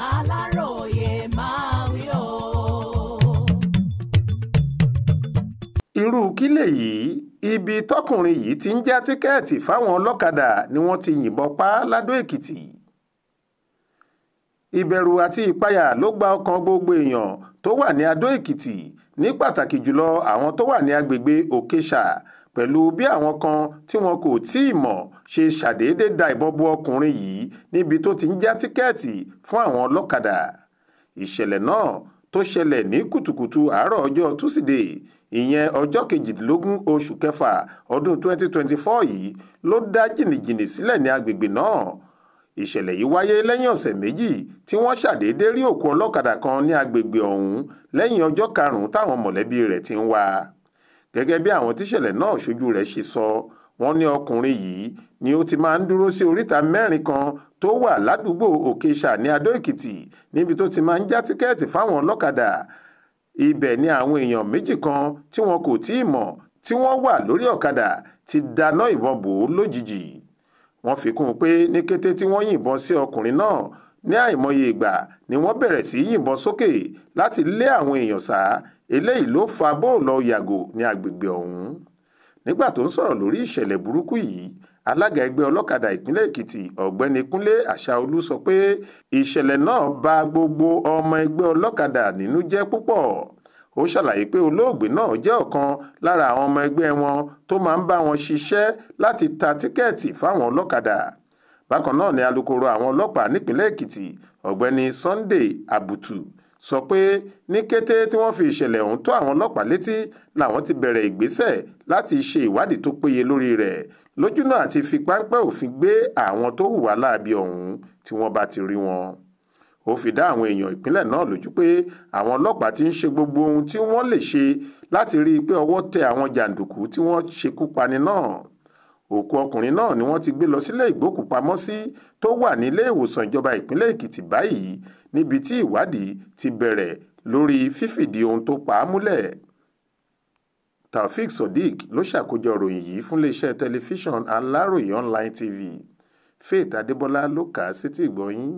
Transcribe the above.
aláròye máa wí o. irú kí lèyí ibi tọkùnrin yìí ti ń já tíkẹ́ẹ̀tì fáwọn ọlọ́kadà ni wọ́n ti yìnbọn pa ládó-èkìtì ìbẹ̀rù àti ìpayà ló gba ọkàn gbogbo èèyàn tó wà ní adó-èkìtì ní pàtàkì jùlọ àwọn tó wà ní agbègbè òkèṣà pẹ̀lú bí àwọn kan tí wọn kò tí ì mọ̀ ṣe ṣàdédé da ìbọn bo ọkùnrin yìí níbi tó ti ń já tíkẹ́ẹ̀tì fún àwọn ọlọ́kadà ìṣẹ̀lẹ̀ náà tó ṣẹlẹ̀ ní kùtùkùtù àárọ̀ ọjọ́ túsídéé ìyẹn ọjọ́ kejìdínlógún oṣù kẹfà ọdún 2024 yìí ló dá jìnnìjìnnì sílẹ̀ ní agbègbè náà ìṣẹ̀lẹ̀ yìí wáyé lẹ́yìn ọ̀sẹ̀ méjì tí wọ́n ṣàdédé rí òkú ọlọ́kadà kan ní agbègbè ọ̀hún lẹ́yìn ọjọ́ karùn-ún táwọn mọ̀lẹ́bí rẹ̀ ti ń wá gẹ́gẹ́ bí àwọn tíṣẹ̀lẹ̀ náà ṣojú rẹ̀ ṣe sọ wọ́n ní ọkùnrin yìí ni ó ti máa ń dúró sí oríta mẹ́rin kan tó wà ládùúgbò òkèṣà ní adó-èkìtì níbi tó ti máa ń já tíkẹ́ẹ̀tì fáwọn ọlọ́kadà ibẹ̀ ni àwọn èèyàn méjì kan tí wọn kò tí ì mọ̀ tí wọ́n wà lórí ọ̀kadà ti dáná ìbọn bò ó lójijì wọ́n fi kún un pé ní kété tí wọ́n yìnbọn sí ọkùnrin náà ní àìmọye ìgbà ni wọ́n bẹ̀rẹ̀ sí yìnbọn sókè láti lé àwọn èèyàn sá eléyìí ló fa bóòlọ yàgò ní agbègbè ọ̀hún nígbà tó ń sọ̀rọ̀ lórí ìṣẹ̀lẹ̀ burúkú yìí alága ẹgbẹ́ ọlọ́kadà ìpínlẹ̀ èkìtì ọ̀gbẹ́ni kúnlé àṣàolú sọ pé ìṣẹ̀lẹ̀ náà bà gbogbo ọmọ ẹgbẹ́ ọlọ́kadà nínú jẹ́ púpọ̀ ó ṣàlàyé pé olóògbé náà jẹ́ ọ̀kan lára àwọn ọmọ ẹgbẹ́ wọn tó máa ń bá wọn ṣiṣẹ́ láti ta tíkẹ́ẹ̀tì fáwọn ọlọ́kadà bákan náà ni alukoro àwọn ọlọ́pàá nípínlẹ̀ èkìtì ọ̀gbẹ́ni sunday abutu sọ pé ní kété tí wọ́n fi ìṣẹ̀lẹ̀ ọ̀hún tó àwọn ọlọ́pàá létí làwọn ti bẹ̀rẹ̀ ìgbésẹ̀ láti ṣe ìwádìí tó péye lórí rẹ̀ lójúnà àti fi páńpẹ́ òfin gbé àwọn tó hùwà láabi ọ̀hún tí wọ́n bá ti rí wọn ó fi dá àwọn èèyàn ìpínlẹ̀ náà lójú pé àwọn ọlọ́pàá ti ń ṣe gbogbo ohun tí wọ́n lè ṣe láti rí i pé ọwọ́ tẹ àwọn jàǹdùkú tí wọ́n ṣekú pani náà òkú ọkùnrin náà ni wọ́n ti gbé lọ sílé ìgbókùpamọ́sí tó wà nílé ìwòsàn ìjọba ìpínlẹ̀ èkìtì báyìí níbi tí ìwádìí ti bẹ̀rẹ̀ lórí fífìdí ohun tó pa á múlẹ̀ taofik sodiq ló ṣàkójọ ròyìn yìí fún iléeṣẹ́ tẹlifíṣàn aláròye online tv faith adébọlá ló kà á sétí ìgbọ́ yín.